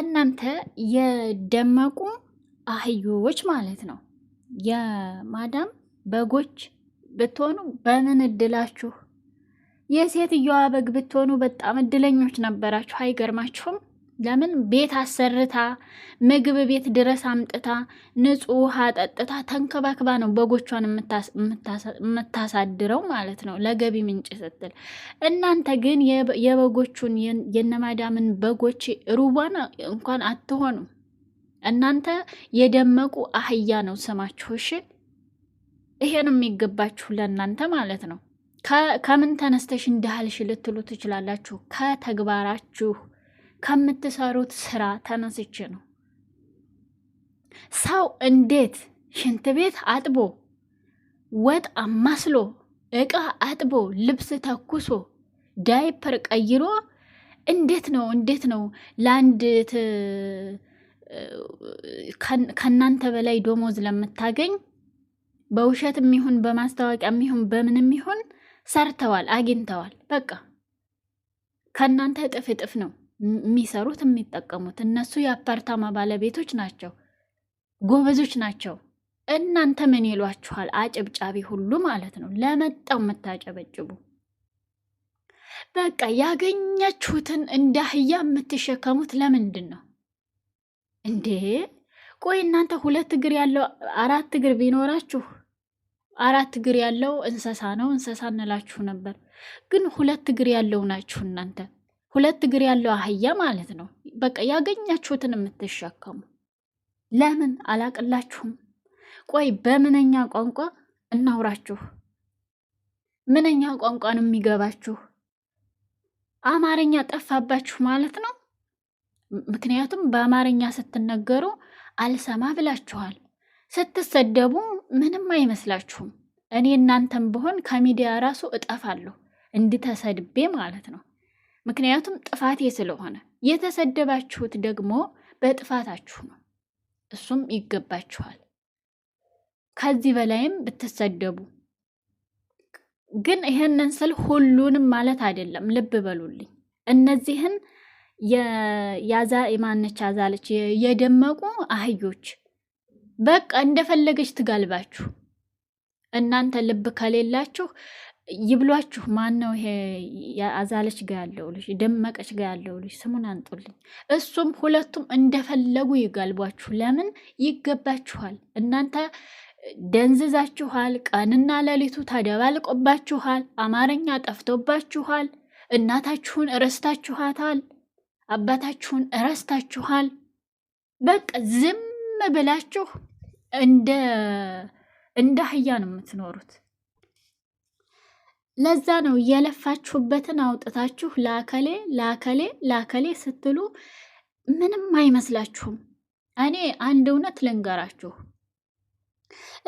እናንተ የደመቁ አህዮች ማለት ነው። የማዳም በጎች ብትሆኑ በምን እድላችሁ! የሴትዮዋ በግ ብትሆኑ በጣም እድለኞች ነበራችሁ። አይገርማችሁም? ለምን ቤት አሰርታ ምግብ ቤት ድረስ አምጥታ ንጹህ ውሃ ጠጥታ ተንከባክባ ነው በጎቿን የምታሳድረው ማለት ነው፣ ለገቢ ምንጭ ስትል። እናንተ ግን የበጎቹን የነማዳምን በጎች ሩቧን እንኳን አትሆኑም። እናንተ የደመቁ አህያ ነው ስማችሁ። እሺ፣ ይሄ የሚገባችሁ ለእናንተ ማለት ነው። ከምን ተነስተሽ እንዳህልሽ ልትሉ ትችላላችሁ ከተግባራችሁ ከምትሰሩት ስራ ተነስቼ ነው። ሰው እንዴት ሽንት ቤት አጥቦ ወጥ አማስሎ እቃ አጥቦ ልብስ ተኩሶ ዳይፐር ቀይሮ እንዴት ነው እንዴት ነው ለአንድ ከእናንተ በላይ ደሞዝ ለምታገኝ በውሸት የሚሆን በማስታወቂያ የሚሆን በምን የሚሆን ሰርተዋል፣ አግኝተዋል። በቃ ከእናንተ እጥፍ እጥፍ ነው። የሚሰሩት የሚጠቀሙት እነሱ የአፓርታማ ባለቤቶች ናቸው፣ ጎበዞች ናቸው። እናንተ ምን ይሏችኋል? አጨብጫቢ ሁሉ ማለት ነው። ለመጣው የምታጨበጭቡ በቃ ያገኛችሁትን እንደ አህያ የምትሸከሙት ለምንድን ነው እንዴ? ቆይ እናንተ ሁለት እግር ያለው አራት እግር ቢኖራችሁ አራት እግር ያለው እንስሳ ነው እንስሳ እንላችሁ ነበር፣ ግን ሁለት እግር ያለው ናችሁ እናንተ ሁለት እግር ያለው አህያ ማለት ነው። በቃ ያገኛችሁትን የምትሸከሙ ለምን አላቅላችሁም? ቆይ በምንኛ ቋንቋ እናውራችሁ? ምንኛ ቋንቋ ነው የሚገባችሁ? አማርኛ ጠፋባችሁ ማለት ነው። ምክንያቱም በአማርኛ ስትነገሩ አልሰማ ብላችኋል። ስትሰደቡ ምንም አይመስላችሁም። እኔ እናንተም ብሆን ከሚዲያ ራሱ እጠፋለሁ እንድተሰድቤ ማለት ነው። ምክንያቱም ጥፋቴ ስለሆነ የተሰደባችሁት ደግሞ በጥፋታችሁ ነው። እሱም ይገባችኋል። ከዚህ በላይም ብትሰደቡ ግን ይህንን ስል ሁሉንም ማለት አይደለም። ልብ በሉልኝ። እነዚህን የዛ የማነች አዛለች የደመቁ አህዮች በቃ እንደፈለገች ትጋልባችሁ። እናንተ ልብ ከሌላችሁ ይብሏችሁ። ማን ነው ይሄ? አዛለች ጋ ያለው ልጅ፣ ደመቀች ጋ ያለው ልጅ ስሙን አንጡልኝ። እሱም ሁለቱም እንደፈለጉ ይጋልቧችሁ። ለምን ይገባችኋል? እናንተ ደንዝዛችኋል። ቀንና ሌሊቱ ተደባልቆባችኋል። አማርኛ ጠፍቶባችኋል። እናታችሁን እረስታችኋታል። አባታችሁን እረስታችኋል። በቃ ዝም ብላችሁ እንደ እንደ አህያ ነው የምትኖሩት። ለዛ ነው የለፋችሁበትን አውጥታችሁ ላከሌ ላከሌ ላከሌ ስትሉ ምንም አይመስላችሁም። እኔ አንድ እውነት ልንገራችሁ፣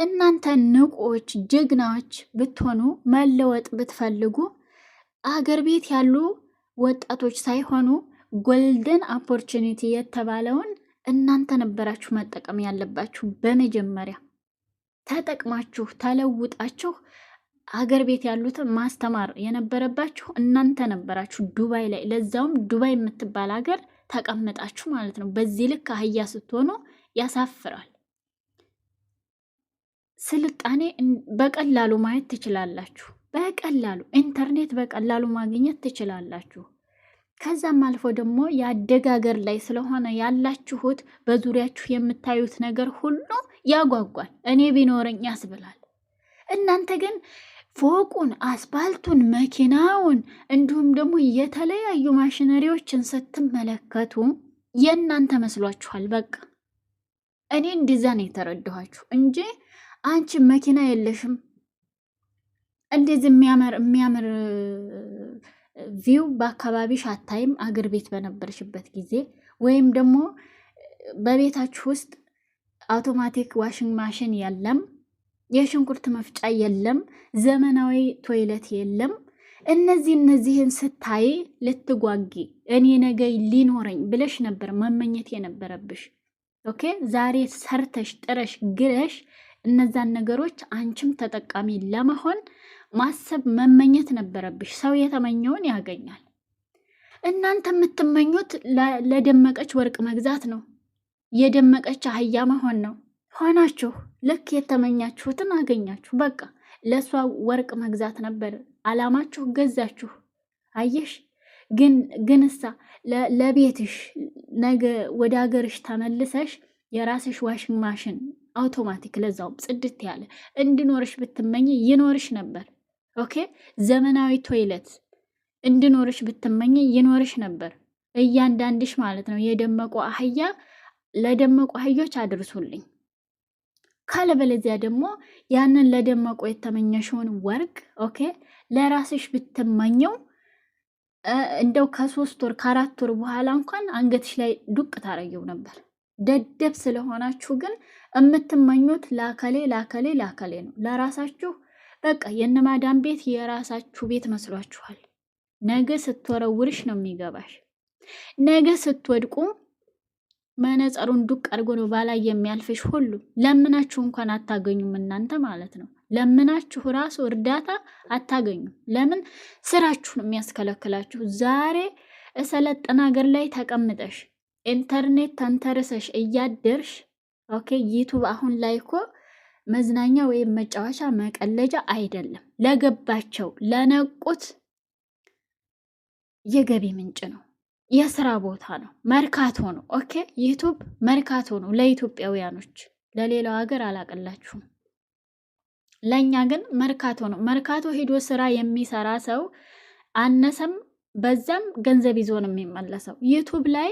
እናንተ ንቁዎች፣ ጀግናዎች ብትሆኑ መለወጥ ብትፈልጉ አገር ቤት ያሉ ወጣቶች ሳይሆኑ ጎልደን ኦፖርቹኒቲ የተባለውን እናንተ ነበራችሁ መጠቀም ያለባችሁ። በመጀመሪያ ተጠቅማችሁ ተለውጣችሁ አገር ቤት ያሉትን ማስተማር የነበረባችሁ እናንተ ነበራችሁ፣ ዱባይ ላይ ለዛውም ዱባይ የምትባል ሀገር ተቀምጣችሁ ማለት ነው። በዚህ ልክ አህያ ስትሆኑ ያሳፍራል። ስልጣኔ በቀላሉ ማየት ትችላላችሁ። በቀላሉ ኢንተርኔት በቀላሉ ማግኘት ትችላላችሁ። ከዛም አልፎ ደግሞ ያደገ ሀገር ላይ ስለሆነ ያላችሁት በዙሪያችሁ የምታዩት ነገር ሁሉ ያጓጓል። እኔ ቢኖረኝ ያስብላል። እናንተ ግን ፎቁን፣ አስፓልቱን፣ መኪናውን እንዲሁም ደግሞ የተለያዩ ማሽነሪዎችን ስትመለከቱ የእናንተ መስሏችኋል። በቃ እኔ እንዲዛ ነው የተረድኋችሁ እንጂ አንቺ መኪና የለሽም እንደዚህ የሚያምር የሚያምር ቪው በአካባቢሽ አታይም። አገር ቤት በነበርሽበት ጊዜ ወይም ደግሞ በቤታችሁ ውስጥ አውቶማቲክ ዋሽንግ ማሽን የለም። የሽንኩርት መፍጫ የለም፣ ዘመናዊ ቶይለት የለም። እነዚህ እነዚህን ስታይ ልትጓጊ እኔ ነገ ሊኖረኝ ብለሽ ነበር መመኘት የነበረብሽ። ኦኬ ዛሬ ሰርተሽ ጥረሽ ግረሽ እነዛን ነገሮች አንቺም ተጠቃሚ ለመሆን ማሰብ መመኘት ነበረብሽ። ሰው የተመኘውን ያገኛል። እናንተ የምትመኙት ለደመቀች ወርቅ መግዛት ነው፣ የደመቀች አህያ መሆን ነው። ሆናችሁ ልክ የተመኛችሁትን አገኛችሁ። በቃ ለእሷ ወርቅ መግዛት ነበር አላማችሁ፣ ገዛችሁ። አየሽ ግን ግንሳ ለቤትሽ ነገ ወደ ሀገርሽ ተመልሰሽ የራስሽ ዋሽንግ ማሽን አውቶማቲክ ለዛው ጽድት ያለ እንድኖርሽ ብትመኝ ይኖርሽ ነበር። ኦኬ ዘመናዊ ቶይለት እንድኖርሽ ብትመኝ ይኖርሽ ነበር። እያንዳንድሽ ማለት ነው የደመቁ አህያ ለደመቁ አህዮች አድርሱልኝ። ካለበለዚያ ደግሞ ያንን ለደመቁ የተመኘሽውን ወርቅ ኦኬ ለራስሽ ብትመኘው እንደው ከሶስት ወር ከአራት ወር በኋላ እንኳን አንገትሽ ላይ ዱቅ ታረየው ነበር። ደደብ ስለሆናችሁ ግን የምትመኙት ላከሌ ላከሌ ላከሌ ነው። ለራሳችሁ በቃ የነማዳም ቤት የራሳችሁ ቤት መስሏችኋል። ነገ ስትወረውርሽ ነው የሚገባሽ። ነገ ስትወድቁም መነጸሩን ዱቅ አድርጎ ነው ባላይ የሚያልፍሽ ሁሉ ለምናችሁ እንኳን አታገኙም። እናንተ ማለት ነው ለምናችሁ ራሱ እርዳታ አታገኙም። ለምን ስራችሁን የሚያስከለክላችሁ። ዛሬ እሰለጠነ ሀገር ላይ ተቀምጠሽ ኢንተርኔት ተንተርሰሽ እያደርሽ ኦኬ። ዩቱብ አሁን ላይ እኮ መዝናኛ ወይም መጫወቻ መቀለጃ አይደለም። ለገባቸው ለነቁት የገቢ ምንጭ ነው። የስራ ቦታ ነው፣ መርካቶ ነው። ኦኬ ዩቱብ መርካቶ ነው ለኢትዮጵያውያኖች፣ ለሌላው ሀገር አላቀላችሁም። ለእኛ ግን መርካቶ ነው። መርካቶ ሄዶ ስራ የሚሰራ ሰው አነሰም በዛም ገንዘብ ይዞ ነው የሚመለሰው። ዩቱብ ላይ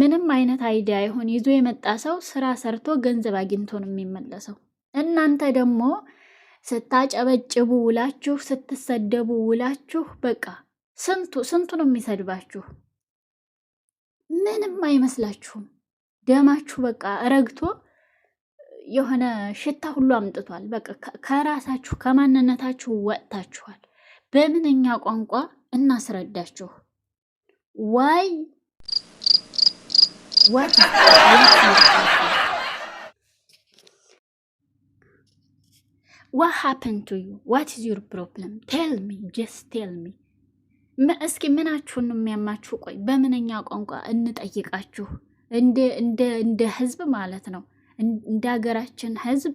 ምንም አይነት አይዲያ ይሁን ይዞ የመጣ ሰው ስራ ሰርቶ ገንዘብ አግኝቶ ነው የሚመለሰው። እናንተ ደግሞ ስታጨበጭቡ ውላችሁ፣ ስትሰደቡ ውላችሁ፣ በቃ ስንቱ ስንቱ ነው የሚሰድባችሁ? ምንም አይመስላችሁም። ደማችሁ በቃ ረግቶ የሆነ ሽታ ሁሉ አምጥቷል። በቃ ከራሳችሁ ከማንነታችሁ ወጥታችኋል። በምንኛ ቋንቋ እናስረዳችሁ? ዋይ ዋት ሃፐን ቱ ዩ ዋት ኢዝ ዩር ፕሮብለም ቴል ሚ ጀስት ቴል ሚ እስኪ ምናችሁን የሚያማችሁ? ቆይ በምንኛ ቋንቋ እንጠይቃችሁ? እንደ ህዝብ ማለት ነው። እንደ ሀገራችን ህዝብ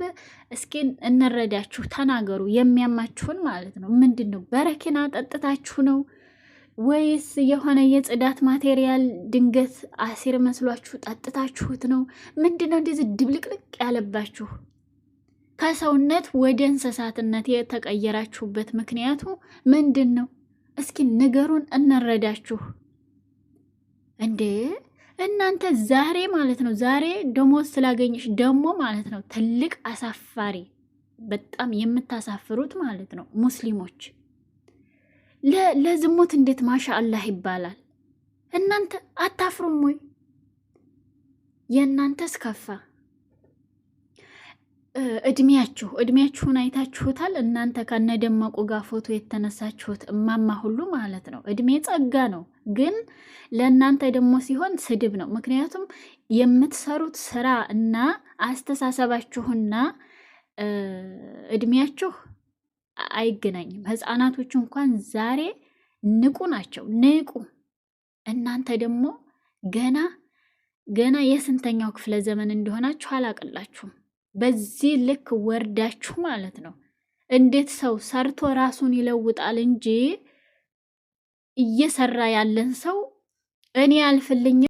እስኪ እንረዳችሁ፣ ተናገሩ የሚያማችሁን ማለት ነው። ምንድን ነው በረኪና ጠጥታችሁ ነው ወይስ የሆነ የጽዳት ማቴሪያል ድንገት አሲር መስሏችሁ ጠጥታችሁት ነው? ምንድን ነው እንደዚህ ድብልቅልቅ ያለባችሁ? ከሰውነት ወደ እንስሳትነት የተቀየራችሁበት ምክንያቱ ምንድን ነው? እስኪ ንገሩን እንረዳችሁ። እንዴ እናንተ ዛሬ ማለት ነው ዛሬ ደሞዝ ስላገኘሽ ደግሞ ማለት ነው ትልቅ አሳፋሪ፣ በጣም የምታሳፍሩት ማለት ነው ሙስሊሞች። ለዝሙት እንዴት አላህ ይባላል። እናንተ አታፍሩም ወይ? የእናንተስ ከፋ። እድሜያችሁ እድሜያችሁን አይታችሁታል። እናንተ ከነደመቁ ጋር ፎቶ የተነሳችሁት እማማ ሁሉ ማለት ነው። እድሜ ጸጋ ነው፣ ግን ለእናንተ ደግሞ ሲሆን ስድብ ነው። ምክንያቱም የምትሰሩት ስራ እና አስተሳሰባችሁና እድሜያችሁ አይገናኝም። ህፃናቶች እንኳን ዛሬ ንቁ ናቸው፣ ንቁ። እናንተ ደግሞ ገና ገና የስንተኛው ክፍለ ዘመን እንደሆናችሁ አላቅላችሁም። በዚህ ልክ ወርዳችሁ ማለት ነው። እንዴት ሰው ሰርቶ ራሱን ይለውጣል እንጂ እየሰራ ያለን ሰው እኔ አልፍልኝም!